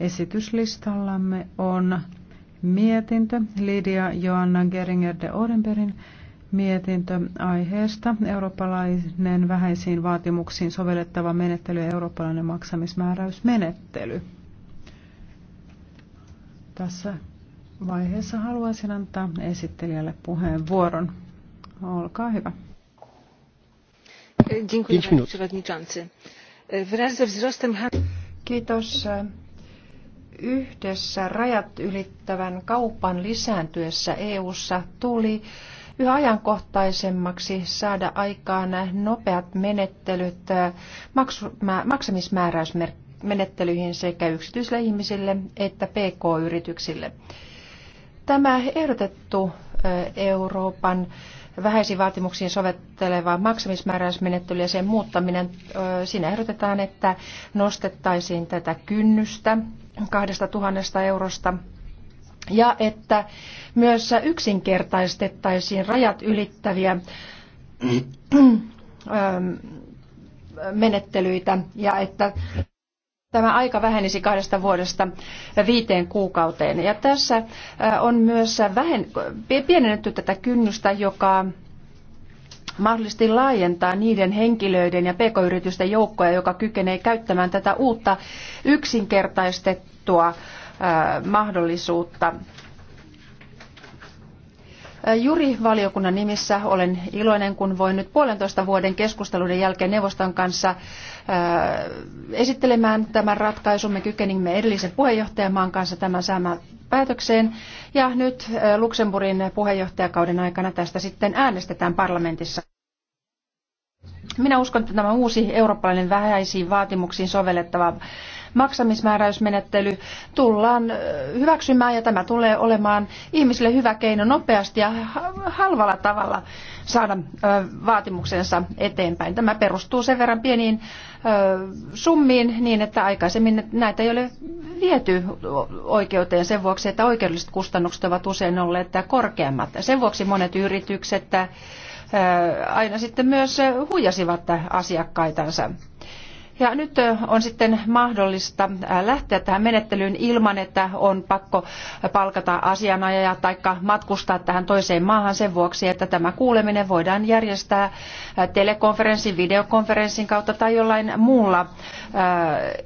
Esityslistallamme on mietintö Lidia Joanna Geringer de Odenbergin mietintö aiheesta eurooppalainen vähäisiin vaatimuksiin sovellettava menettely ja eurooppalainen maksamismääräysmenettely. Tässä vaiheessa haluaisin antaa esittelijälle puheenvuoron. Olkaa hyvä. Kiitos, Kiitos yhdessä rajat ylittävän kaupan lisääntyessä EU:ssa tuli yhä ajankohtaisemmaksi saada aikaan nopeat menettelyt äh, maksamismääräysmenettelyihin sekä yksityisille ihmisille että pk-yrityksille. Tämä ehdotettu äh, Euroopan vähäisiin vaatimuksiin sovelteleva maksamismääräysmenettely ja sen muuttaminen. Siinä ehdotetaan, että nostettaisiin tätä kynnystä 2000 eurosta ja että myös yksinkertaistettaisiin rajat ylittäviä menettelyitä ja että tämä aika vähenisi kahdesta vuodesta viiteen kuukauteen. Ja tässä äh, on myös vähen, pienennetty tätä kynnystä, joka mahdollisesti laajentaa niiden henkilöiden ja pk-yritysten joukkoja, joka kykenee käyttämään tätä uutta yksinkertaistettua äh, mahdollisuutta Äh, juri-valiokunnan nimissä olen iloinen, kun voin nyt puolentoista vuoden keskusteluiden jälkeen neuvoston kanssa äh, esittelemään tämän ratkaisun. Me kykenimme edellisen puheenjohtajamaan kanssa tämän saamaan päätökseen. Ja nyt äh, Luxemburgin puheenjohtajakauden aikana tästä sitten äänestetään parlamentissa. Minä uskon, että tämä uusi eurooppalainen vähäisiin vaatimuksiin sovellettava maksamismääräysmenettely tullaan hyväksymään ja tämä tulee olemaan ihmisille hyvä keino nopeasti ja halvalla tavalla saada vaatimuksensa eteenpäin. Tämä perustuu sen verran pieniin summiin niin, että aikaisemmin näitä ei ole viety oikeuteen sen vuoksi, että oikeudelliset kustannukset ovat usein olleet korkeammat. Sen vuoksi monet yritykset aina sitten myös huijasivat asiakkaitansa. Ja nyt on sitten mahdollista lähteä tähän menettelyyn ilman, että on pakko palkata asianajaja tai matkustaa tähän toiseen maahan sen vuoksi, että tämä kuuleminen voidaan järjestää telekonferenssin, videokonferenssin kautta tai jollain muulla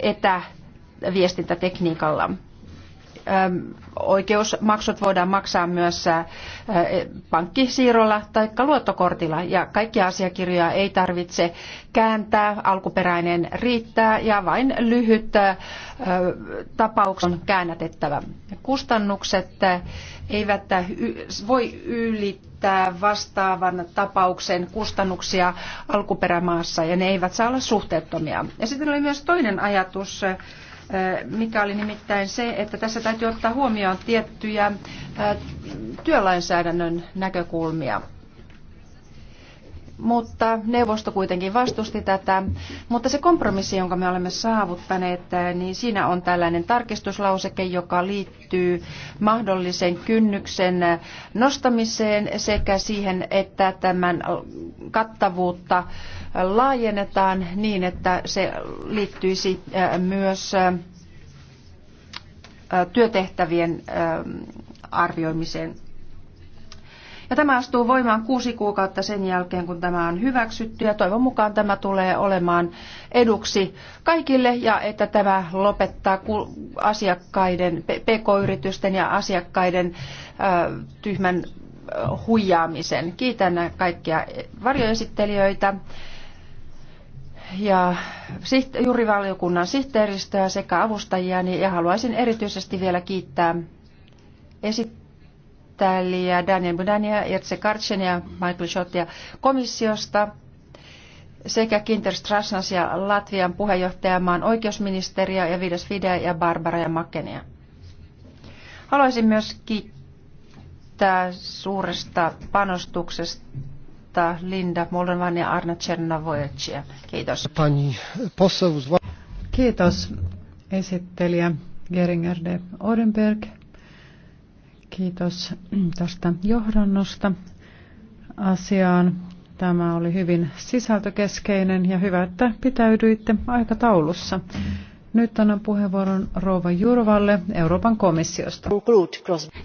etäviestintätekniikalla. Ähm, oikeusmaksut voidaan maksaa myös äh, pankkisiirrolla tai luottokortilla ja kaikkia asiakirjoja ei tarvitse kääntää, alkuperäinen riittää ja vain lyhyt äh, tapaus on käännätettävä. Kustannukset äh, eivät voi ylittää vastaavan tapauksen kustannuksia alkuperämaassa ja ne eivät saa olla suhteettomia. Ja sitten oli myös toinen ajatus, mikä oli nimittäin se, että tässä täytyy ottaa huomioon tiettyjä työlainsäädännön näkökulmia. Mutta neuvosto kuitenkin vastusti tätä. Mutta se kompromissi, jonka me olemme saavuttaneet, niin siinä on tällainen tarkistuslauseke, joka liittyy mahdollisen kynnyksen nostamiseen sekä siihen, että tämän kattavuutta äh, laajennetaan niin, että se liittyisi myös työtehtävien arvioimiseen. Ja tämä astuu voimaan kuusi kuukautta sen jälkeen, kun tämä on hyväksytty ja toivon mukaan tämä tulee olemaan eduksi kaikille ja että tämä lopettaa asiakkaiden, pk-yritysten ja asiakkaiden tyhmän huijaamisen. Kiitän kaikkia varjoesittelijöitä ja juurivaliokunnan sihteeristöä sekä avustajiani ja haluaisin erityisesti vielä kiittää esittäjiä Daniel Budania, Jertse Karchen ja Michael Schottia komissiosta sekä Kinter Strassans ja Latvian puheenjohtajamaan oikeusministeriä ja Vides Fide ja Barbara ja Makenia. Haluaisin myös kiittää suuresta panostuksesta Linda Moldovan ja Arna Czernavojecia. Kiitos. Pani poseł Kiitos esittelijä Geringer de Odenberg. Kiitos tästä johdannosta asiaan. Tämä oli hyvin sisältökeskeinen ja hyvä, että pitäydyitte aikataulussa. Nyt annan puheenvuoron Rouva Jurvalle Euroopan komissiosta.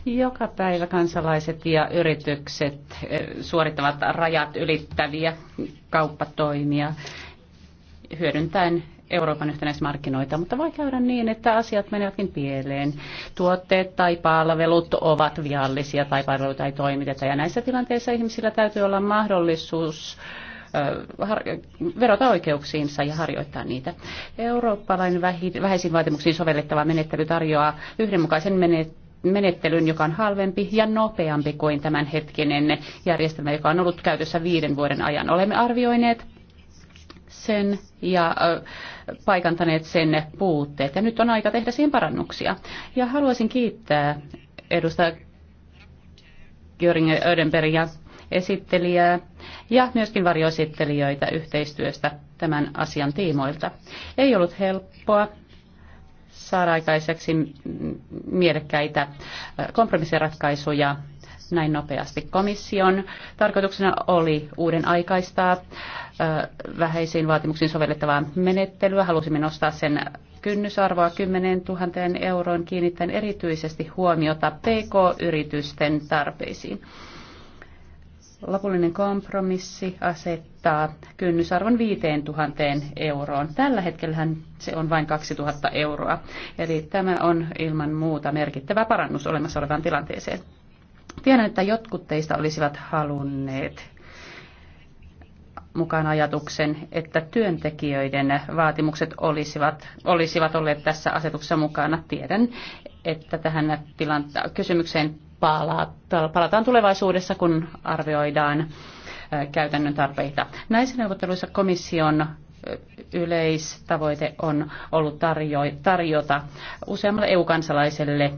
Joka päivä kansalaiset ja yritykset eh, suorittavat rajat ylittäviä kauppatoimia hyödyntäen Euroopan yhtenäismarkkinoita, mutta voi käydä niin, että asiat menevätkin pieleen. Tuotteet tai palvelut ovat viallisia tai palveluita ei toimiteta ja näissä tilanteissa ihmisillä täytyy olla mahdollisuus äh, verota oikeuksiinsa ja harjoittaa niitä. Eurooppalainen vähäisiin vaatimuksiin sovellettava menettely tarjoaa yhdenmukaisen menettelyn menettelyn, joka on halvempi ja nopeampi kuin tämänhetkinen järjestelmä, joka on ollut käytössä viiden vuoden ajan. Olemme arvioineet sen ja paikantaneet sen puutteet. Ja nyt on aika tehdä siihen parannuksia. Ja haluaisin kiittää edustaja Göring Ödenbergia esittelijää ja myöskin varjoesittelijöitä yhteistyöstä tämän asian tiimoilta. Ei ollut helppoa saada aikaiseksi mielekkäitä kompromissiratkaisuja näin nopeasti. Komission tarkoituksena oli uuden aikaistaa vähäisiin vaatimuksiin sovellettavaa menettelyä. Halusimme nostaa sen kynnysarvoa 10 000 euroon kiinnittäen erityisesti huomiota PK-yritysten tarpeisiin. Lopullinen kompromissi asettaa kynnysarvon 5000 euroon. Tällä hetkellä se on vain 2000 euroa, eli tämä on ilman muuta merkittävä parannus olemassa olevaan tilanteeseen. Tiedän, että jotkut teistä olisivat halunneet mukaan ajatuksen, että työntekijöiden vaatimukset olisivat, olisivat olleet tässä asetuksessa mukana. Tiedän, että tähän tilanta- kysymykseen palataan tulevaisuudessa, kun arvioidaan käytännön tarpeita. Näissä neuvotteluissa komission yleistavoite on ollut tarjota useammalle EU-kansalaiselle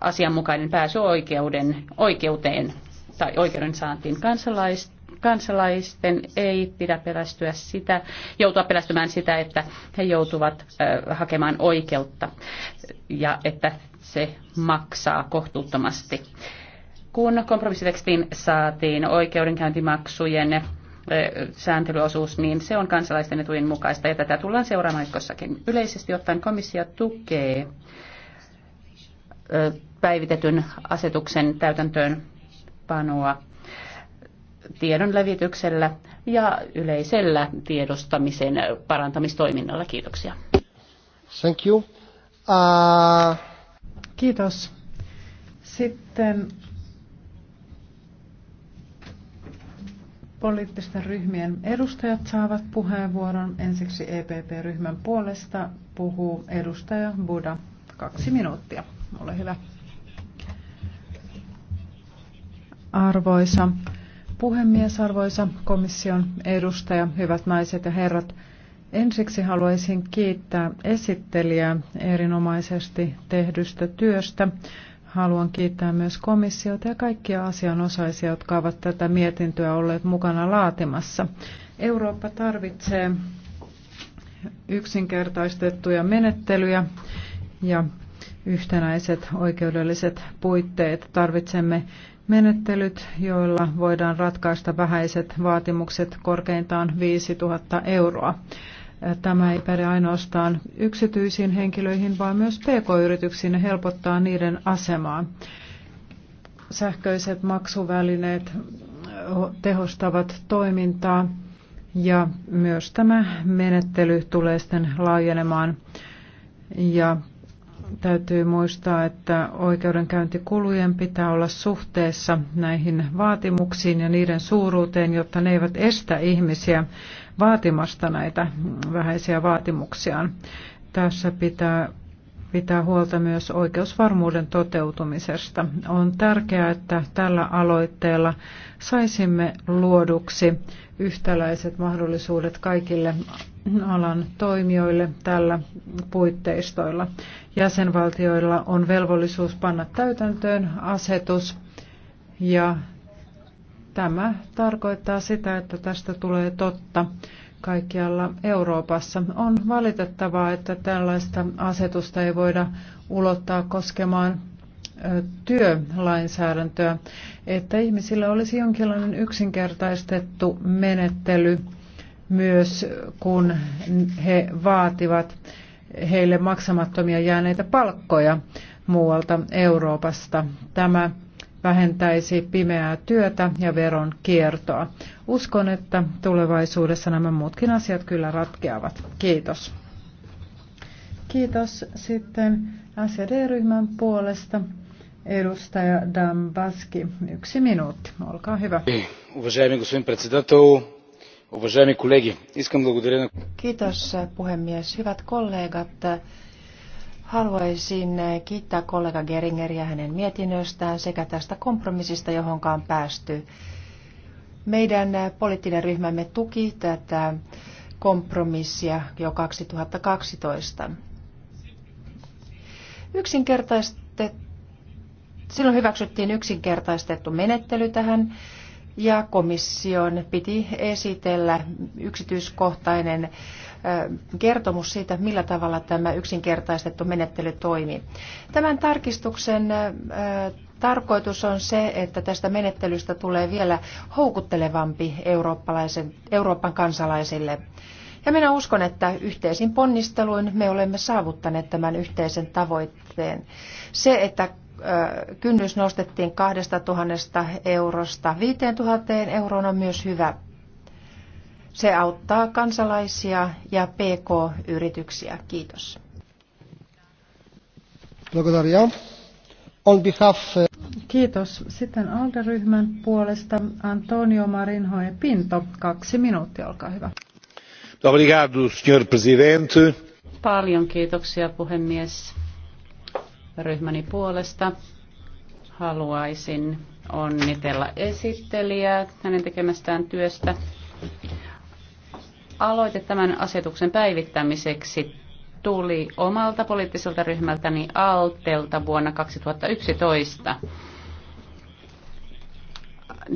asianmukainen pääsy oikeuden, oikeuteen tai oikeuden saantiin kansalaista kansalaisten ei pidä pelästyä sitä, joutua pelästymään sitä, että he joutuvat hakemaan oikeutta ja että se maksaa kohtuuttomasti. Kun kompromissitekstiin saatiin oikeudenkäyntimaksujen sääntelyosuus, niin se on kansalaisten etujen mukaista ja tätä tullaan seuraamaan jatkossakin. Yleisesti ottaen komissio tukee päivitetyn asetuksen täytäntöönpanoa tiedon levityksellä ja yleisellä tiedostamisen parantamistoiminnalla. Kiitoksia. Thank you. Uh... Kiitos. Sitten poliittisten ryhmien edustajat saavat puheenvuoron. Ensiksi EPP-ryhmän puolesta puhuu edustaja Buda. Kaksi minuuttia. Ole hyvä. Arvoisa puhemies, arvoisa komission edustaja, hyvät naiset ja herrat. Ensiksi haluaisin kiittää esittelijää erinomaisesti tehdystä työstä. Haluan kiittää myös komissiota ja kaikkia asianosaisia, jotka ovat tätä mietintöä olleet mukana laatimassa. Eurooppa tarvitsee yksinkertaistettuja menettelyjä ja yhtenäiset oikeudelliset puitteet. Tarvitsemme menettelyt, joilla voidaan ratkaista vähäiset vaatimukset korkeintaan 5000 euroa. Tämä ei päde ainoastaan yksityisiin henkilöihin, vaan myös pk-yrityksiin ja helpottaa niiden asemaa. Sähköiset maksuvälineet tehostavat toimintaa ja myös tämä menettely tulee sitten laajenemaan ja Täytyy muistaa, että oikeudenkäyntikulujen pitää olla suhteessa näihin vaatimuksiin ja niiden suuruuteen, jotta ne eivät estä ihmisiä vaatimasta näitä vähäisiä vaatimuksiaan. Tässä pitää pitää huolta myös oikeusvarmuuden toteutumisesta. On tärkeää, että tällä aloitteella saisimme luoduksi yhtäläiset mahdollisuudet kaikille alan toimijoille tällä puitteistoilla. Jäsenvaltioilla on velvollisuus panna täytäntöön asetus ja tämä tarkoittaa sitä, että tästä tulee totta kaikkialla Euroopassa. On valitettavaa, että tällaista asetusta ei voida ulottaa koskemaan työlainsäädäntöä, että ihmisillä olisi jonkinlainen yksinkertaistettu menettely myös kun he vaativat heille maksamattomia jääneitä palkkoja muualta Euroopasta. Tämä vähentäisi pimeää työtä ja veron kiertoa. Uskon, että tulevaisuudessa nämä muutkin asiat kyllä ratkeavat. Kiitos. Kiitos sitten SED-ryhmän puolesta. Edustaja Dambaski, yksi minuutti. Olkaa hyvä. Уважаеми господин председател, arvoisa puhemies. Hyvät kollegat, haluaisin kiittää kollega Geringeriä hänen mietinnöstään sekä tästä kompromissista, johon on päästy. Meidän poliittinen ryhmämme tuki tätä kompromissia jo kaksitoista Yksinkertaistettu, silloin hyväksyttiin yksinkertaistettu menettely tähän ja komission piti esitellä yksityiskohtainen kertomus siitä, millä tavalla tämä yksinkertaistettu menettely toimii. Tämän tarkistuksen tarkoitus on se, että tästä menettelystä tulee vielä houkuttelevampi eurooppalaisen, Euroopan kansalaisille. Ja minä uskon, että yhteisin ponnisteluin me olemme saavuttaneet tämän yhteisen tavoitteen. Se, että kynnys nostettiin 2000 eurosta 5000 euroon on myös hyvä. Se auttaa kansalaisia ja PK-yrityksiä. Kiitos. Э, Kiitos. Sitten ALDE-ryhmän puolesta Antonio Marinho ja Pinto. Kaksi minuuttia, olkaa hyvä. Paljon kiitoksia, puhemies ryhmäni puolesta haluaisin onnitella esittelijää hänen tekemästään työstä. Aloite tämän asetuksen päivittämiseksi tuli omalta poliittiselta ryhmältäni Altelta vuonna 2011.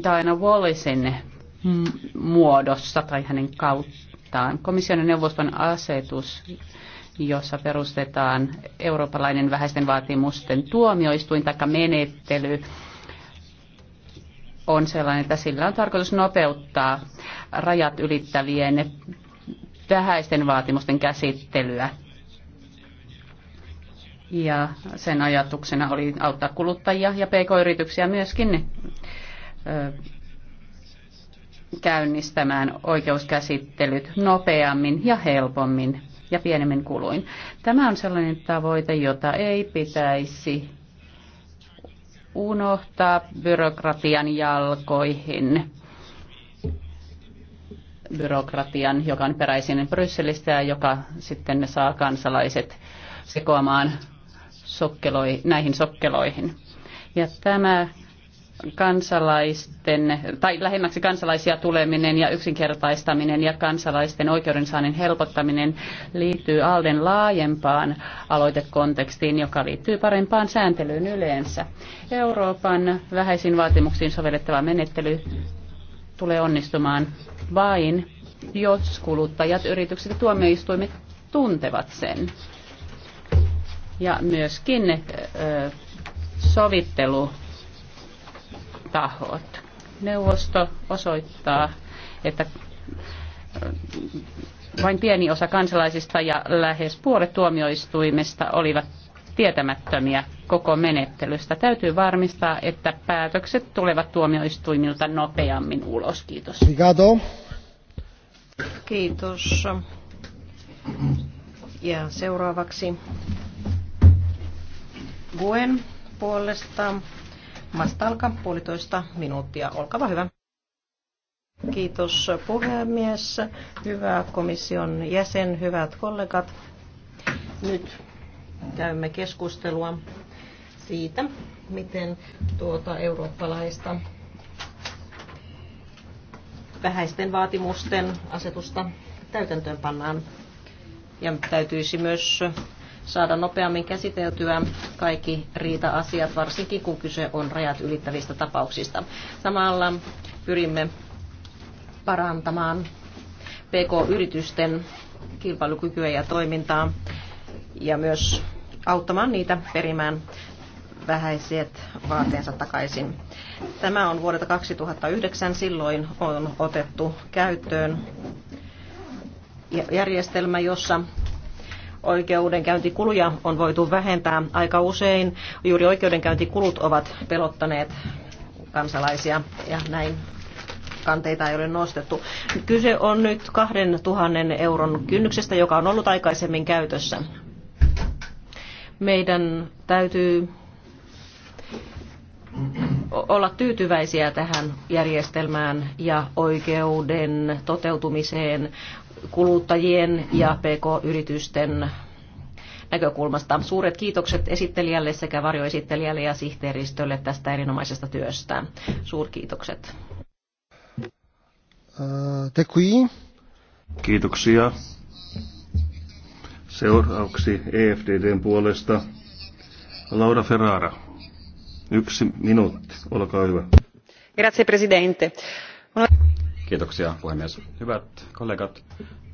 Diana Wallisin muodossa tai hänen kauttaan. Komission neuvoston asetus jossa perustetaan eurooppalainen vähäisten vaatimusten tuomioistuin tai menettely, on sellainen, että sillä on tarkoitus nopeuttaa rajat ylittävien vähäisten vaatimusten käsittelyä. Ja sen ajatuksena oli auttaa kuluttajia ja pk-yrityksiä myöskin käynnistämään oikeuskäsittelyt nopeammin ja helpommin ja pienemmin kuluin. Tämä on sellainen tavoite, jota ei pitäisi unohtaa byrokratian jalkoihin. Byrokratian, joka on peräisin Brysselistä ja joka sitten saa kansalaiset sekoamaan sokkeloi, näihin sokkeloihin. Ja tämä kansalaisten, tai lähemmäksi kansalaisia tuleminen ja yksinkertaistaminen ja kansalaisten oikeudensaannin helpottaminen liittyy Alden laajempaan aloitekontekstiin, joka liittyy parempaan sääntelyyn yleensä. Euroopan vähäisiin vaatimuksiin sovellettava menettely tulee onnistumaan vain, jos kuluttajat, yritykset ja tuomioistuimet tuntevat sen. Ja myöskin sovittelu tahot. Neuvosto osoittaa, että äh, vain pieni osa kansalaisista ja lähes puolet tuomioistuimesta olivat tietämättömiä koko menettelystä. Täytyy varmistaa, että päätökset tulevat tuomioistuimilta nopeammin ulos. Kiitos. Kiitos. Ja seuraavaksi Guen puolesta Mastalka, puolitoista minuuttia. Olkaa hyvä. Kiitos puhemies, hyvä komission jäsen, hyvät kollegat. Nyt käymme keskustelua siitä, miten tuota eurooppalaista vähäisten vaatimusten asetusta täytäntöön pannaan. Ja täytyisi myös saada nopeammin käsiteltyä kaikki riita-asiat, varsinkin kun kyse on rajat ylittävistä tapauksista. Samalla pyrimme parantamaan PK-yritysten kilpailukykyä ja toimintaa ja myös auttamaan niitä perimään vähäiset vaateensa takaisin. Tämä on vuodelta 2009. Silloin on otettu käyttöön järjestelmä, jossa oikeudenkäyntikuluja on voitu vähentää aika usein. Juuri oikeudenkäyntikulut ovat pelottaneet kansalaisia ja näin kanteita ei ole nostettu. Kyse on nyt 2000 euron kynnyksestä, joka on ollut aikaisemmin käytössä. Meidän täytyy olla tyytyväisiä tähän järjestelmään ja oikeuden toteutumiseen kuluttajien ja PK-yritysten näkökulmasta. Suuret kiitokset esittelijälle sekä varjoesittelijälle ja sihteeristölle tästä erinomaisesta työstä. Suurkiitokset. Te Kiitoksia. Seuraavaksi EFDDn puolesta Laura Ferrara. Yksi minuutti, olkaa hyvä. Grazie Presidente. Kiitoksia puhemies. Hyvät kollegat,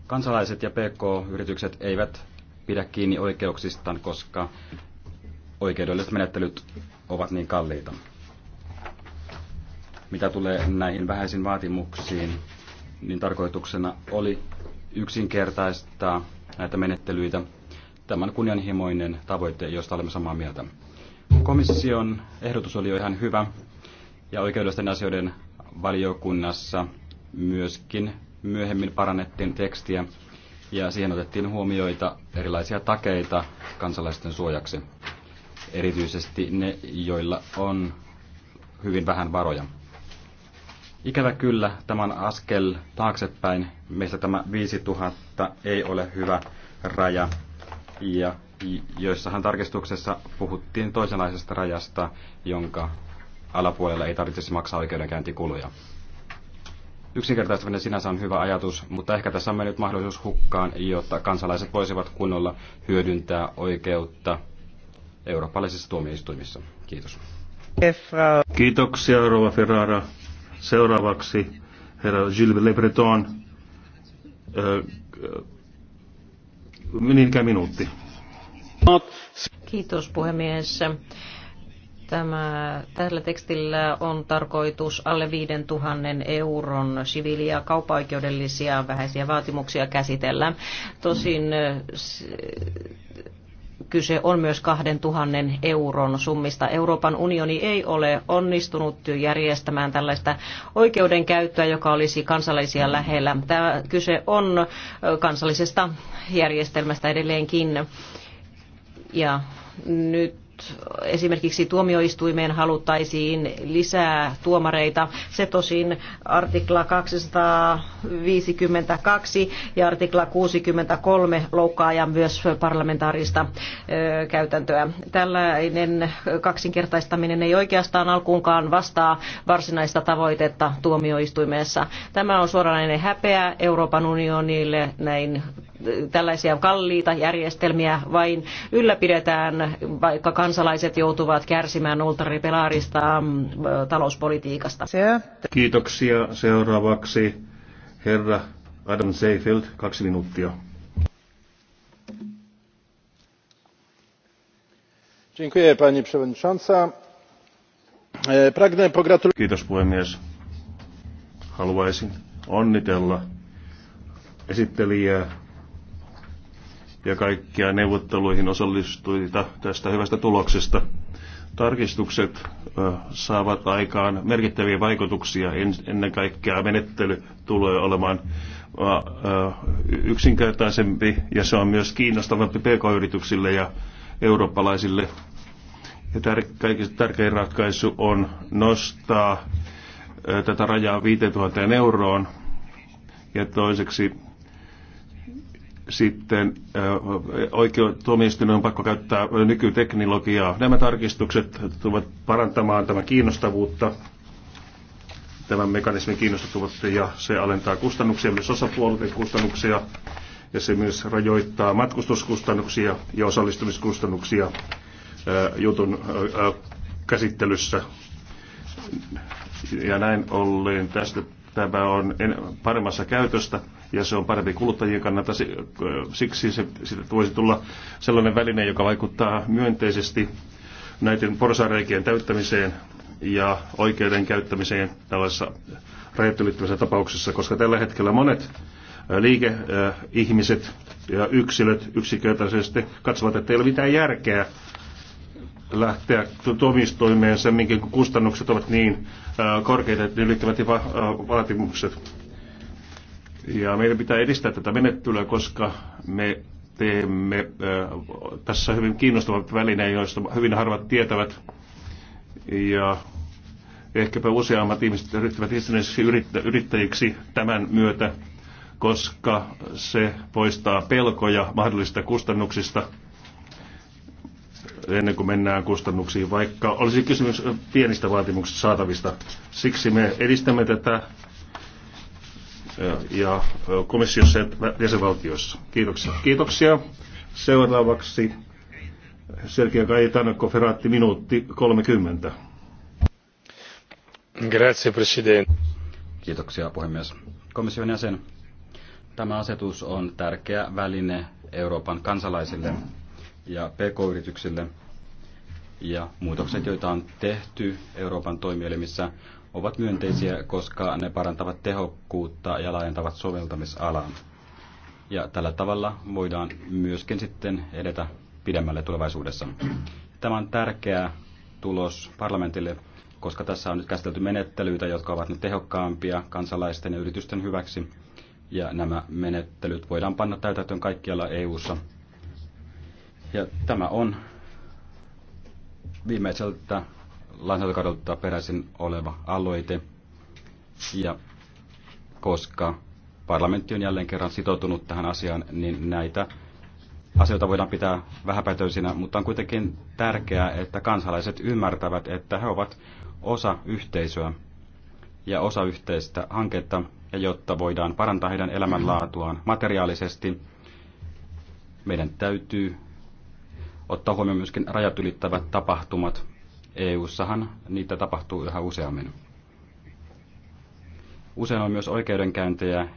kansalaiset ja PK-yritykset eivät pidä kiinni oikeuksistaan, koska oikeudelliset menettelyt ovat niin kalliita. Mitä tulee näihin vähäisiin vaatimuksiin, niin tarkoituksena oli yksinkertaistaa näitä menettelyitä. Tämän kunnianhimoinen tavoite, josta olemme samaa mieltä. Komission ehdotus oli jo ihan hyvä, ja oikeudellisten asioiden valiokunnassa myöskin myöhemmin parannettiin tekstiä ja siihen otettiin huomioita erilaisia takeita kansalaisten suojaksi, erityisesti ne, joilla on hyvin vähän varoja. Ikävä kyllä, tämän askel taaksepäin. Meistä tämä 5000 ei ole hyvä raja. Ja joissahan tarkistuksessa puhuttiin toisenlaisesta rajasta, jonka alapuolella ei tarvitsisi maksaa oikeudenkäyntikuluja yksinkertaistaminen sinänsä on hyvä ajatus, mutta ehkä tässä on mennyt mahdollisuus hukkaan, jotta kansalaiset voisivat kunnolla hyödyntää oikeutta eurooppalaisissa tuomioistuimissa. Kiitos. Kiitoksia, Rova Ferrara. Seuraavaksi herra Gilles Le Breton. Niinkään minuutti. Kiitos puhemies. Tämä, tällä tekstillä on tarkoitus alle 5000 euron siviili- ja kaupaoikeudellisia vähäisiä vaatimuksia käsitellä. Tosin kyse on myös 2000 euron summista. Euroopan unioni ei ole onnistunut järjestämään tällaista oikeudenkäyttöä, joka olisi kansallisia lähellä. Tämä kyse on kansallisesta järjestelmästä edelleenkin. Ja nyt esimerkiksi tuomioistuimeen haluttaisiin lisää tuomareita. Se tosin artikla 252 ja artikla 63 loukkaa ja myös parlamentaarista käytäntöä. Tällainen kaksinkertaistaminen ei oikeastaan alkuunkaan vastaa varsinaista tavoitetta tuomioistuimessa. Tämä on suoranainen häpeä Euroopan unionille näin tällaisia kalliita järjestelmiä vain ylläpidetään, vaikka kansalaiset joutuvat kärsimään ultraripelaarista mm, talouspolitiikasta. Kiitoksia. Seuraavaksi herra Adam Seyfeld, kaksi minuuttia. Dziękuję, pani przewodnicząca! E, pragnę pogratulować. puhemies haluaisin onnitella esittelijää ja kaikkia neuvotteluihin osallistuita tästä hyvästä tuloksesta. Tarkistukset saavat aikaan merkittäviä vaikutuksia. Ennen kaikkea menettely tulee olemaan yksinkertaisempi ja se on myös kiinnostavampi pk-yrityksille ja eurooppalaisille. Ja tär- kaikista tärkein ratkaisu on nostaa tätä rajaa 5000 euroon ja toiseksi sitten oikeustuomioistuimen on pakko käyttää nykyteknologiaa. Nämä tarkistukset tulevat parantamaan tämän kiinnostavuutta, tämän mekanismin kiinnostavuutta ja se alentaa kustannuksia, myös osapuolten kustannuksia ja se myös rajoittaa matkustuskustannuksia ja osallistumiskustannuksia jutun käsittelyssä. Ja näin ollen tästä tämä on paremmassa käytöstä ja se on parempi kuluttajien kannalta. Siksi se, siitä voisi tulla sellainen väline, joka vaikuttaa myönteisesti näiden porsareikien täyttämiseen ja oikeuden käyttämiseen tällaisessa rajat ylittävässä tapauksessa, koska tällä hetkellä monet liikeihmiset ja yksilöt yksinkertaisesti katsovat, että ei ole mitään järkeä lähteä sen minkä kustannukset ovat niin korkeita, että ne ylittävät jopa vaatimukset. Ja meidän pitää edistää tätä menettelyä, koska me teemme äh, tässä hyvin kiinnostavat välineen, joista hyvin harvat tietävät. Ja ehkäpä useammat ihmiset ryhtyvät itsenäisiksi yrittä, yrittäjiksi tämän myötä, koska se poistaa pelkoja mahdollisista kustannuksista ennen kuin mennään kustannuksiin, vaikka olisi kysymys pienistä vaatimuksista saatavista. Siksi me edistämme tätä ja komissiossa ja jäsenvaltioissa. Kiitoksia. Kiitoksia. Seuraavaksi Sergio Gaetanokko Ferratti minuutti 30. Grazie, Presidente. Kiitoksia, puhemies. Komission jäsen, tämä asetus on tärkeä väline Euroopan kansalaisille ja pk-yrityksille, ja muutokset, joita on tehty Euroopan toimielimissä, ovat myönteisiä, koska ne parantavat tehokkuutta ja laajentavat soveltamisalaa. Ja tällä tavalla voidaan myöskin sitten edetä pidemmälle tulevaisuudessa. Tämä on tärkeä tulos parlamentille, koska tässä on nyt käsitelty menettelyitä, jotka ovat nyt tehokkaampia kansalaisten ja yritysten hyväksi. Ja nämä menettelyt voidaan panna täytäntöön kaikkialla EU:ssa. Ja tämä on viimeiseltä lainsäädäntökadolta peräisin oleva aloite. Ja koska parlamentti on jälleen kerran sitoutunut tähän asiaan, niin näitä asioita voidaan pitää vähäpätöisinä, mutta on kuitenkin tärkeää, että kansalaiset ymmärtävät, että he ovat osa yhteisöä ja osa yhteistä hanketta, ja jotta voidaan parantaa heidän elämänlaatuaan materiaalisesti, meidän täytyy ottaa huomioon myöskin rajat ylittävät tapahtumat, EU-sahan niitä tapahtuu yhä useammin. Usein on myös oikeudenkäyntejä,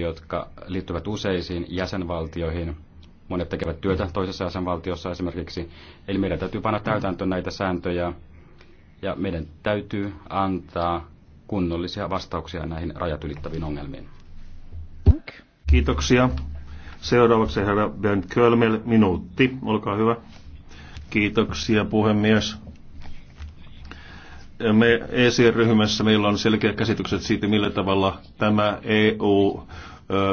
jotka liittyvät useisiin jäsenvaltioihin. Monet tekevät työtä toisessa jäsenvaltiossa esimerkiksi. Eli meidän täytyy panna täytäntöön näitä sääntöjä ja meidän täytyy antaa kunnollisia vastauksia näihin rajat ylittäviin ongelmiin. Kiitoksia. Seuraavaksi herra Bernd Kölmel, minuutti. Olkaa hyvä. Kiitoksia puhemies me ECR-ryhmässä meillä on selkeät käsitykset siitä, millä tavalla tämä EU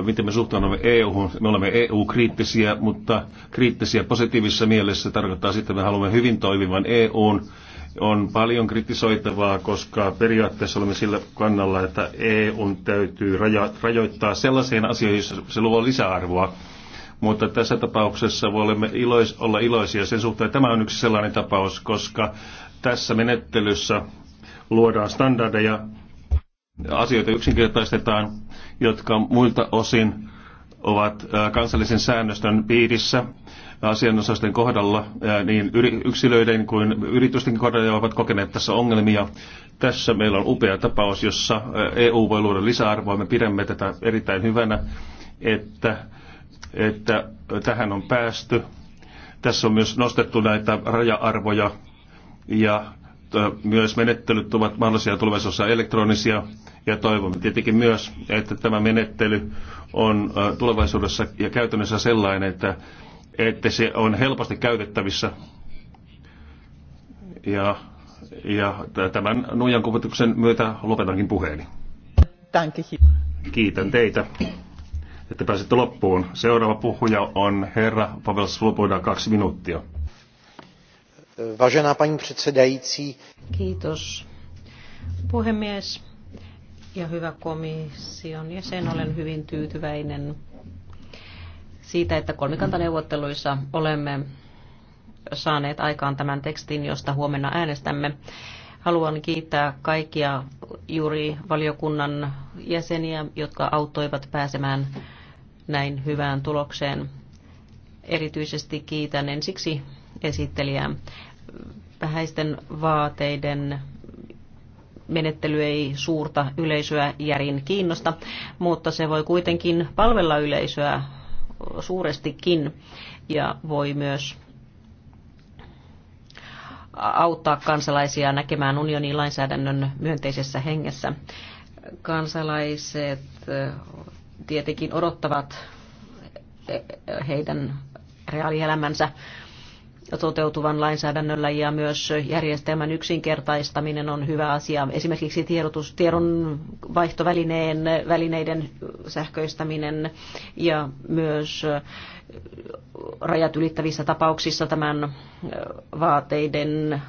miten me suhtaudumme eu Me olemme EU-kriittisiä, mutta kriittisiä positiivisessa mielessä tarkoittaa sitä, että me haluamme hyvin toimivan EUn. On paljon kritisoitavaa, koska periaatteessa olemme sillä kannalla, että EUn täytyy rajo- rajoittaa sellaiseen asioihin, joissa se luo lisäarvoa. Mutta tässä tapauksessa voimme olla iloisia sen suhteen, että tämä on yksi sellainen tapaus, koska tässä menettelyssä luodaan standardeja, asioita yksinkertaistetaan, jotka muilta osin ovat kansallisen säännöstön piirissä asianosaisten kohdalla, niin yksilöiden kuin yritysten kohdalla ovat kokeneet tässä ongelmia. Tässä meillä on upea tapaus, jossa EU voi luoda lisäarvoa. Me pidämme tätä erittäin hyvänä, että, että tähän on päästy. Tässä on myös nostettu näitä raja-arvoja ja myös menettelyt ovat mahdollisia tulevaisuudessa elektronisia ja toivomme tietenkin myös, että tämä menettely on tulevaisuudessa ja käytännössä sellainen, että, että se on helposti käytettävissä ja, ja tämän nuijan kuvituksen myötä lopetankin puheeni. Kiitän teitä, että pääsitte loppuun. Seuraava puhuja on herra Pavel Svoboda, kaksi minuuttia. Vážená paní předsedající. Kiitos puhemies ja hyvä komission jäsen. Olen hyvin tyytyväinen siitä, että kolmikantaneuvotteluissa olemme saaneet aikaan tämän tekstin, josta huomenna äänestämme. Haluan kiittää kaikkia juuri valiokunnan jäseniä, jotka auttoivat pääsemään näin hyvään tulokseen. Erityisesti kiitän ensiksi esittelijää. Vähäisten vaateiden menettely ei suurta yleisöä järin kiinnosta, mutta se voi kuitenkin palvella yleisöä suurestikin ja voi myös auttaa kansalaisia näkemään unionin lainsäädännön myönteisessä hengessä. Kansalaiset eh, tietenkin odottavat eh, heidän reaalielämänsä toteutuvan lainsäädännöllä ja myös järjestelmän yksinkertaistaminen on hyvä asia. Esimerkiksi tiedotus, tiedon vaihtovälineen välineiden sähköistäminen ja myös rajat ylittävissä tapauksissa tämän vaateiden,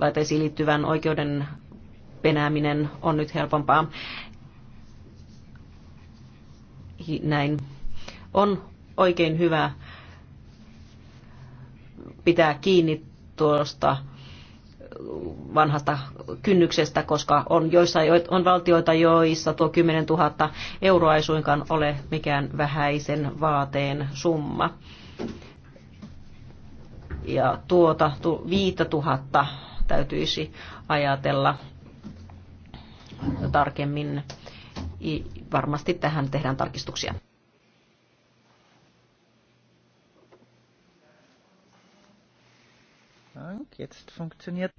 vaateisiin liittyvän oikeuden penääminen on nyt helpompaa. Näin on oikein hyvä pitää kiinni tuosta vanhasta kynnyksestä, koska on, joissa, on valtioita, joissa tuo 10 000 euroa ei suinkaan ole mikään vähäisen vaateen summa. Ja tuota tu, 5 000 täytyisi ajatella tarkemmin. Varmasti tähän tehdään tarkistuksia.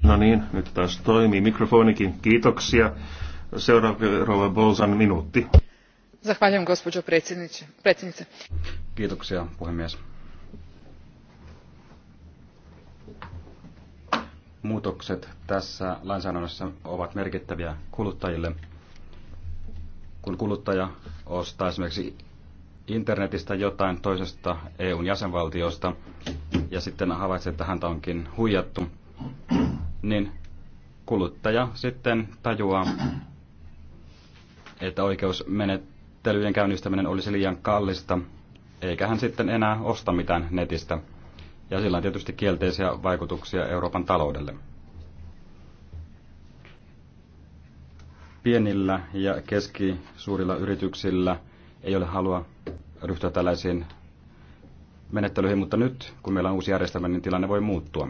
No niin, nyt taas toimii mikrofonikin. Kiitoksia. Seuraava rouva Bolsan minuutti. Zahvaljujem, gospođo predsjednice. Kiitoksia, puhemies. Muutokset tässä lainsäädännössä ovat merkittäviä kuluttajille. Kun kuluttaja ostaa esimerkiksi internetistä jotain toisesta EUn jäsenvaltiosta, ja sitten havaitsi, että häntä onkin huijattu, niin kuluttaja sitten tajuaa, että oikeusmenettelyjen käynnistäminen olisi liian kallista, eikä hän sitten enää osta mitään netistä. Ja sillä on tietysti kielteisiä vaikutuksia Euroopan taloudelle. Pienillä ja keskisuurilla yrityksillä ei ole halua ryhtyä tällaisiin menettelyihin, mutta nyt, kun meillä on uusi järjestelmä, niin tilanne voi muuttua.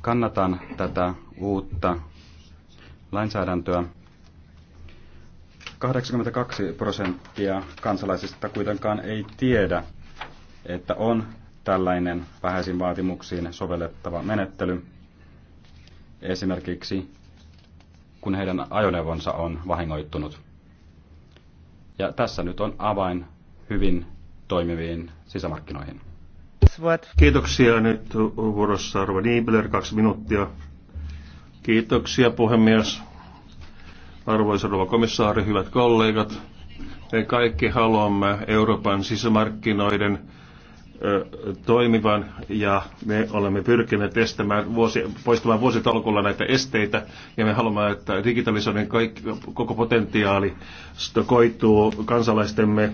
Kannatan tätä uutta lainsäädäntöä. 82 prosenttia kansalaisista kuitenkaan ei tiedä, että on tällainen vähäisin vaatimuksiin sovellettava menettely. Esimerkiksi kun heidän ajoneuvonsa on vahingoittunut. Ja tässä nyt on avain hyvin toimiviin sisämarkkinoihin. Kiitoksia. Nyt vuorossa Arva Niibler, kaksi minuuttia. Kiitoksia puhemies. Arvoisa rouva komissaari, hyvät kollegat. Me kaikki haluamme Euroopan sisämarkkinoiden toimivan ja me olemme pyrkineet estämään vuosi, poistamaan vuositolkulla näitä esteitä ja me haluamme, että digitalisoinnin kaikki, koko potentiaali koituu kansalaistemme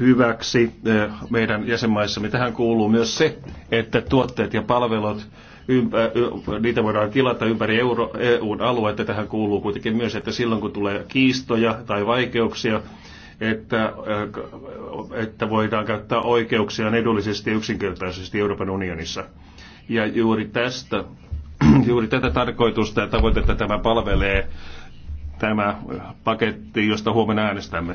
hyväksi eh, meidän jäsenmaissamme. Tähän kuuluu myös se, että tuotteet ja palvelut, ympä, eh, niitä voidaan tilata ympäri Euro, EUn aluetta. Tähän kuuluu kuitenkin myös, että silloin kun tulee kiistoja tai vaikeuksia, että, eh, että voidaan käyttää oikeuksia edullisesti ja yksinkertaisesti Euroopan unionissa. Ja juuri tästä, juuri tätä tarkoitusta ja tavoitetta tämä palvelee tämä paketti, josta huomenna äänestämme.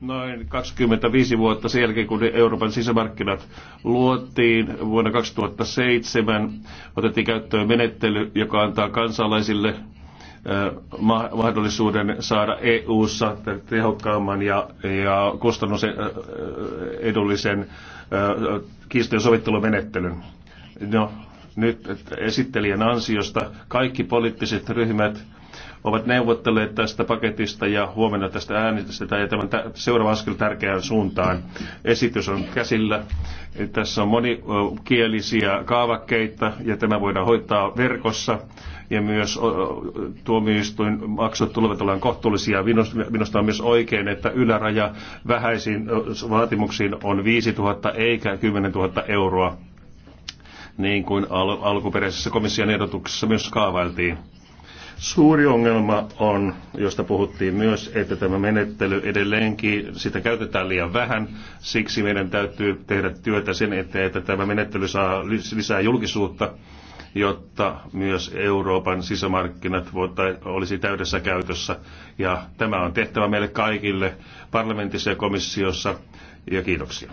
Noin 25 vuotta sen jälkeen, kun Euroopan sisämarkkinat luotiin vuonna 2007, otettiin käyttöön menettely, joka antaa kansalaisille mahdollisuuden saada EU-ssa tehokkaamman ja, ja kustannusedullisen kiistojen sovittelumenettelyn. No, nyt esittelijän ansiosta kaikki poliittiset ryhmät ovat neuvotteleet tästä paketista ja huomenna tästä äänestetään ja tämän seuraava askel tärkeään suuntaan. Esitys on käsillä. Tässä on monikielisiä kaavakkeita ja tämä voidaan hoitaa verkossa ja myös maksut tulevat olemaan kohtuullisia. Minusta on myös oikein, että yläraja vähäisiin vaatimuksiin on 5 000 eikä 10 000 euroa, niin kuin al- alkuperäisessä komission ehdotuksessa myös kaavailtiin. Suuri ongelma on, josta puhuttiin myös, että tämä menettely edelleenkin, sitä käytetään liian vähän. Siksi meidän täytyy tehdä työtä sen eteen, että tämä menettely saa lisää julkisuutta, jotta myös Euroopan sisämarkkinat olisi täydessä käytössä. Ja tämä on tehtävä meille kaikille parlamentissa ja komissiossa. Ja kiitoksia.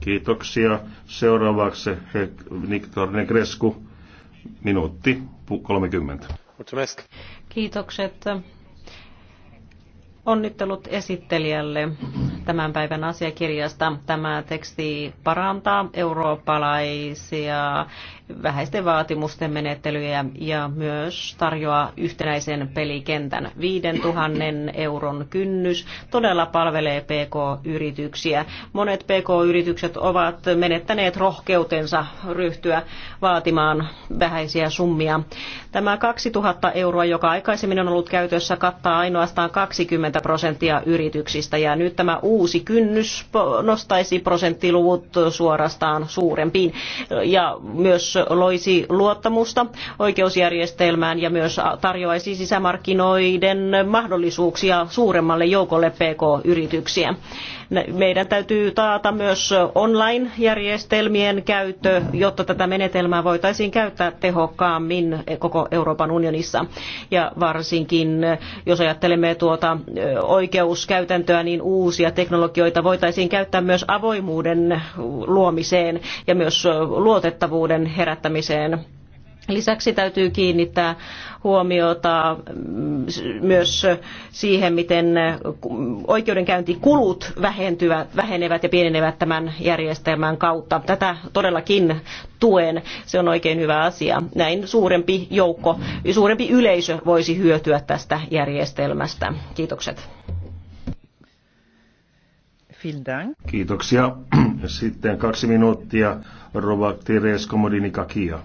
Kiitoksia. Seuraavaksi Viktor Negrescu, minuutti. 30. Kiitokset. Onnittelut esittelijälle tämän päivän asiakirjasta. Tämä teksti parantaa eurooppalaisia vähäisten vaatimusten menettelyjä ja myös tarjoaa yhtenäisen pelikentän. 5000 euron kynnys todella palvelee PK-yrityksiä. Monet PK-yritykset ovat menettäneet rohkeutensa ryhtyä vaatimaan vähäisiä summia. Tämä 2000 euroa, joka aikaisemmin on ollut käytössä, kattaa ainoastaan 20 prosenttia yrityksistä ja nyt tämä uusi kynnys nostaisi prosenttiluvut suorastaan suurempiin ja myös loisi luottamusta oikeusjärjestelmään ja myös tarjoaisi sisämarkkinoiden mahdollisuuksia suuremmalle joukolle pk-yrityksiä. Meidän täytyy taata myös online-järjestelmien käyttö, jotta tätä menetelmää voitaisiin käyttää tehokkaammin koko Euroopan unionissa. Ja varsinkin, jos ajattelemme tuota oikeuskäytäntöä, niin uusia teknologioita voitaisiin käyttää myös avoimuuden luomiseen ja myös luotettavuuden herättämiseen Lisäksi täytyy kiinnittää huomiota mm, myös siihen, miten oikeudenkäyntikulut vähentyvät, vähenevät ja pienenevät tämän järjestelmän kautta. Tätä todellakin tuen. Se on oikein hyvä asia. Näin suurempi joukko, suurempi yleisö voisi hyötyä tästä järjestelmästä. Kiitokset. Kiitoksia. Sitten kaksi minuuttia. Rova Teres Kakia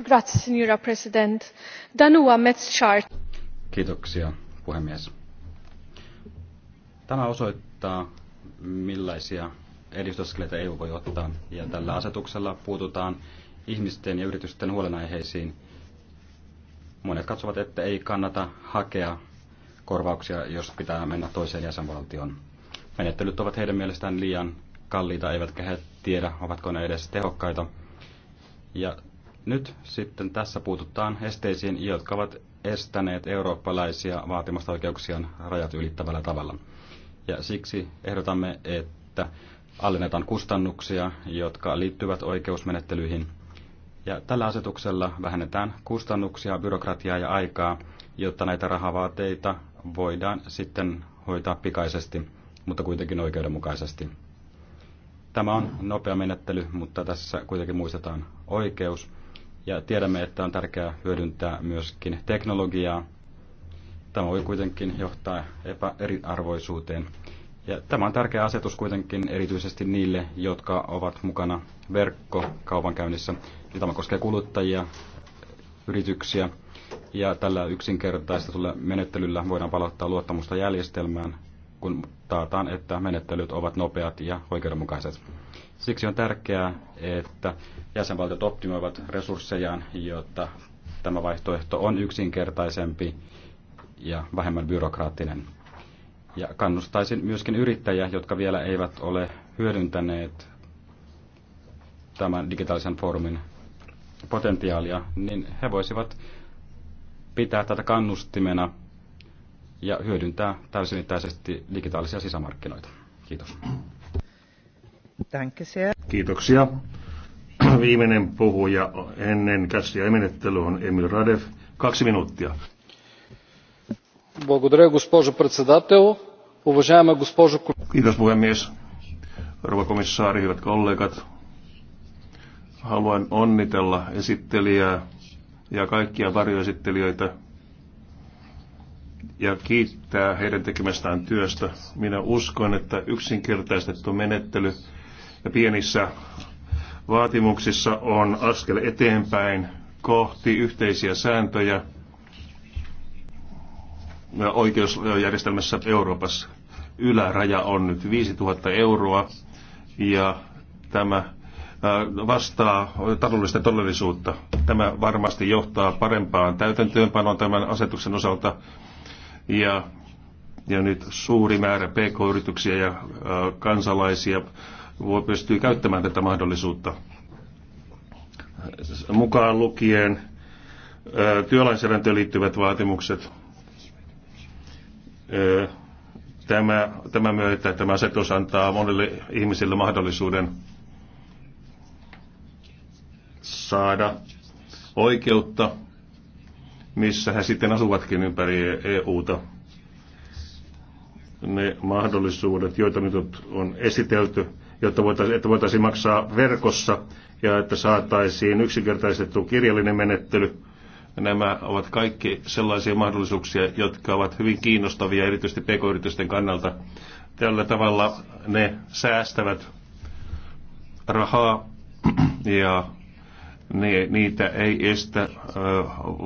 arvoisa Kiitoksia, puhemies. Tämä osoittaa, millaisia edistysaskeleita EU voi ottaa, ja tällä asetuksella puututaan ihmisten ja yritysten huolenaiheisiin. Monet katsovat, että ei kannata hakea korvauksia, jos pitää mennä toiseen jäsenvaltioon. Menettelyt ovat heidän mielestään liian kalliita, eivätkä he tiedä, ovatko ne edes tehokkaita. Ja nyt sitten tässä puututaan esteisiin, jotka ovat estäneet eurooppalaisia vaatimasta oikeuksiaan rajat ylittävällä tavalla. Ja siksi ehdotamme, että alennetaan kustannuksia, jotka liittyvät oikeusmenettelyihin. Ja tällä asetuksella vähennetään kustannuksia, byrokratiaa ja aikaa, jotta näitä rahavaateita voidaan sitten hoitaa pikaisesti, mutta kuitenkin oikeudenmukaisesti. Tämä on nopea menettely, mutta tässä kuitenkin muistetaan oikeus ja tiedämme, että on tärkeää hyödyntää myöskin teknologiaa. Tämä voi kuitenkin johtaa epäeriarvoisuuteen. Ja tämä on tärkeä asetus kuitenkin erityisesti niille, jotka ovat mukana verkkokaupankäynnissä. Eli tämä koskee kuluttajia, yrityksiä. Ja tällä yksinkertaistetulla menettelyllä voidaan palauttaa luottamusta järjestelmään, kun taataan, että menettelyt ovat nopeat ja oikeudenmukaiset. Siksi on tärkeää, että jäsenvaltiot optimoivat resurssejaan, jotta tämä vaihtoehto on yksinkertaisempi ja vähemmän byrokraattinen. Ja kannustaisin myöskin yrittäjiä, jotka vielä eivät ole hyödyntäneet tämän digitaalisen foorumin potentiaalia, niin he voisivat pitää tätä kannustimena ja hyödyntää täysin itäisesti digitaalisia sisämarkkinoita. Kiitos. Kiitoksia. Viimeinen puhuja ennen käsiä menettely on Emil Radev. Kaksi minuuttia. Kiitos puhemies. Rouva komissaari, hyvät kollegat. Haluan onnitella esittelijää ja kaikkia varjoesittelijöitä ja kiittää heidän tekemästään työstä. Minä uskon, että yksinkertaistettu menettely ja pienissä vaatimuksissa on askel eteenpäin kohti yhteisiä sääntöjä oikeusjärjestelmässä Euroopassa. Yläraja on nyt 5000 euroa ja tämä äh, vastaa taloudellista todellisuutta. Tämä varmasti johtaa parempaan täytäntöönpanoon tämän asetuksen osalta ja, ja nyt suuri määrä pk-yrityksiä ja kansalaisia voi pystyy käyttämään tätä mahdollisuutta mukaan lukien työlainsäädäntöön liittyvät vaatimukset. Tämä, tämä myötä tämä asetus antaa monille ihmisille mahdollisuuden saada oikeutta missä he sitten asuvatkin ympäri EUta. Ne mahdollisuudet, joita nyt on esitelty, jotta voitaisiin, että voitaisiin maksaa verkossa ja että saataisiin yksinkertaistettu kirjallinen menettely. Nämä ovat kaikki sellaisia mahdollisuuksia, jotka ovat hyvin kiinnostavia erityisesti pk-yritysten kannalta. Tällä tavalla ne säästävät rahaa ja niin niitä ei estä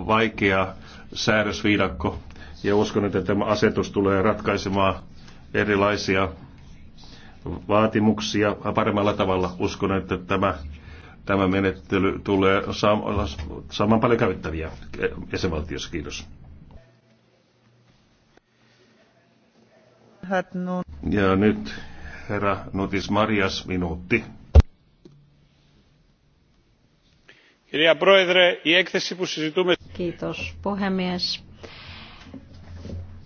vaikea säädösviidakko. Ja uskon, että tämä asetus tulee ratkaisemaan erilaisia vaatimuksia paremmalla tavalla. Uskon, että tämä, tämä menettely tulee saamaan paljon käyttäviä jäsenvaltiossa. Kiitos. Ja nyt herra Nutis Marias, minuutti. Kiitos puhemies.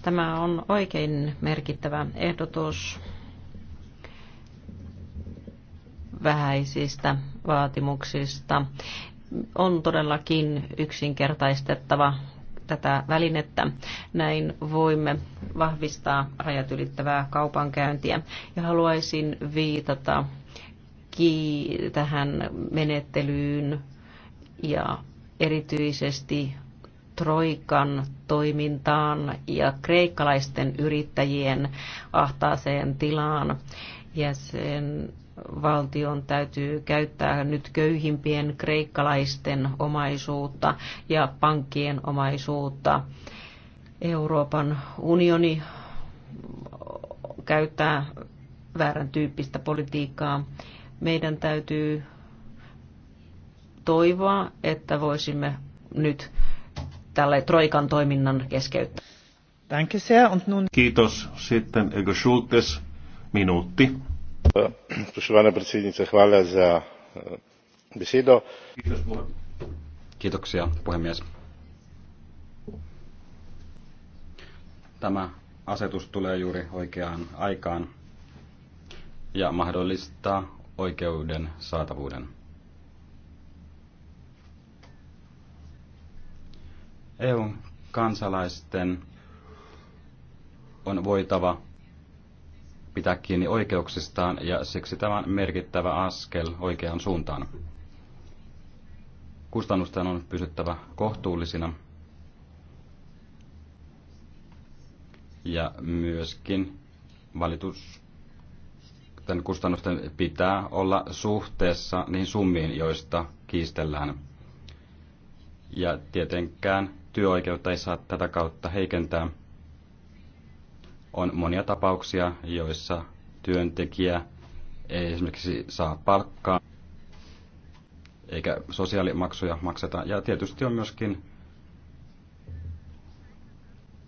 Tämä on oikein merkittävä ehdotus vähäisistä vaatimuksista. On todellakin yksinkertaistettava tätä välinettä. Näin voimme vahvistaa rajat ylittävää kaupankäyntiä. Ja haluaisin viitata tähän menettelyyn ja erityisesti Troikan toimintaan ja kreikkalaisten yrittäjien ahtaaseen tilaan. Ja sen valtion täytyy käyttää nyt köyhimpien kreikkalaisten omaisuutta ja pankkien omaisuutta. Euroopan unioni käyttää väärän tyyppistä politiikkaa. Meidän täytyy toivoa, että voisimme nyt tälle Troikan toiminnan keskeyttää. Kiitos. Sitten Ego Schultes, minuutti. Eh, Kiitoksia, puhemies. Tämä asetus tulee juuri oikeaan aikaan ja mahdollistaa oikeuden saatavuuden. EUn kansalaisten on voitava pitää kiinni oikeuksistaan ja siksi tämä on merkittävä askel oikeaan suuntaan. Kustannusten on pysyttävä kohtuullisina ja myöskin valitus tämän kustannusten pitää olla suhteessa niihin summiin, joista kiistellään. Ja tietenkään työoikeutta ei saa tätä kautta heikentää. On monia tapauksia, joissa työntekijä ei esimerkiksi saa palkkaa eikä sosiaalimaksuja makseta. Ja tietysti on myöskin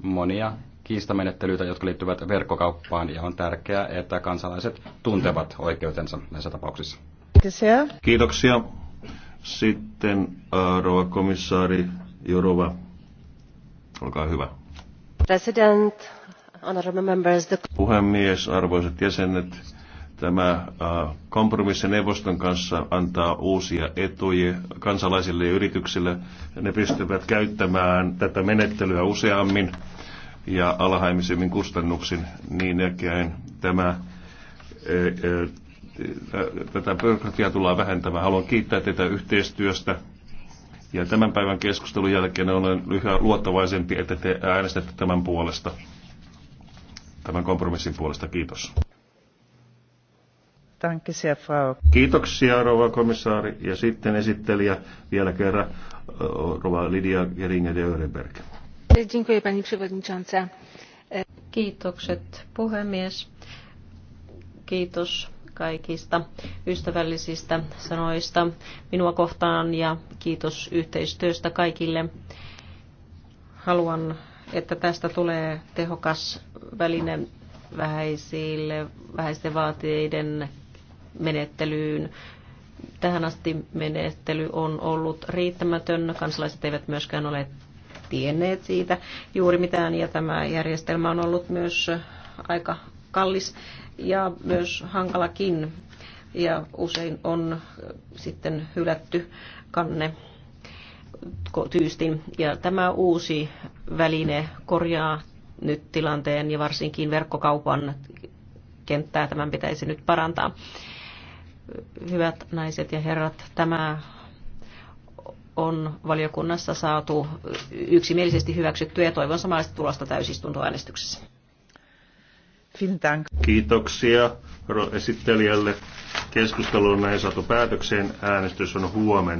monia kiistamenettelyitä, jotka liittyvät verkkokauppaan, ja on tärkeää, että kansalaiset tuntevat oikeutensa näissä tapauksissa. Kiitoksia. Sitten äh, rouva komissaari Jurova. Olkaa hyvä. President, members, the... Puhemies, arvoisat jäsenet, tämä äh, kompromissi neuvoston kanssa antaa uusia etuja kansalaisille ja yrityksille. Ne pystyvät käyttämään tätä menettelyä useammin ja alhaisemmin kustannuksin. Niin näkään tämä äh, äh, tätä byrokratiaa tullaan vähentämään. Haluan kiittää teitä yhteistyöstä ja tämän päivän keskustelun jälkeen olen yhä luottavaisempi, että te äänestätte tämän puolesta, tämän kompromissin puolesta. Kiitos. Kiitoksia, rouva komissaari. Ja sitten esittelijä vielä kerran, rouva Lidia Geringer de Örenberg. Kiitokset, puhemies. Kiitos kaikista ystävällisistä sanoista minua kohtaan ja kiitos yhteistyöstä kaikille. Haluan, että tästä tulee tehokas väline vähäisille, vähäisten vaateiden menettelyyn. Tähän asti menettely on ollut riittämätön. Kansalaiset eivät myöskään ole tienneet siitä juuri mitään ja tämä järjestelmä on ollut myös aika kallis ja myös hankalakin. Ja usein on äh, sitten hylätty kanne tyystin. Ja tämä uusi väline korjaa nyt tilanteen ja varsinkin verkkokaupan kenttää tämän pitäisi nyt parantaa. Hyvät naiset ja herrat, tämä on valiokunnassa saatu yksimielisesti hyväksyttyä ja toivon samanlaista tulosta täysistuntoäänestyksessä. Kiitoksia esittelijälle. Keskustelu on näin saatu päätökseen. Äänestys on huomenna.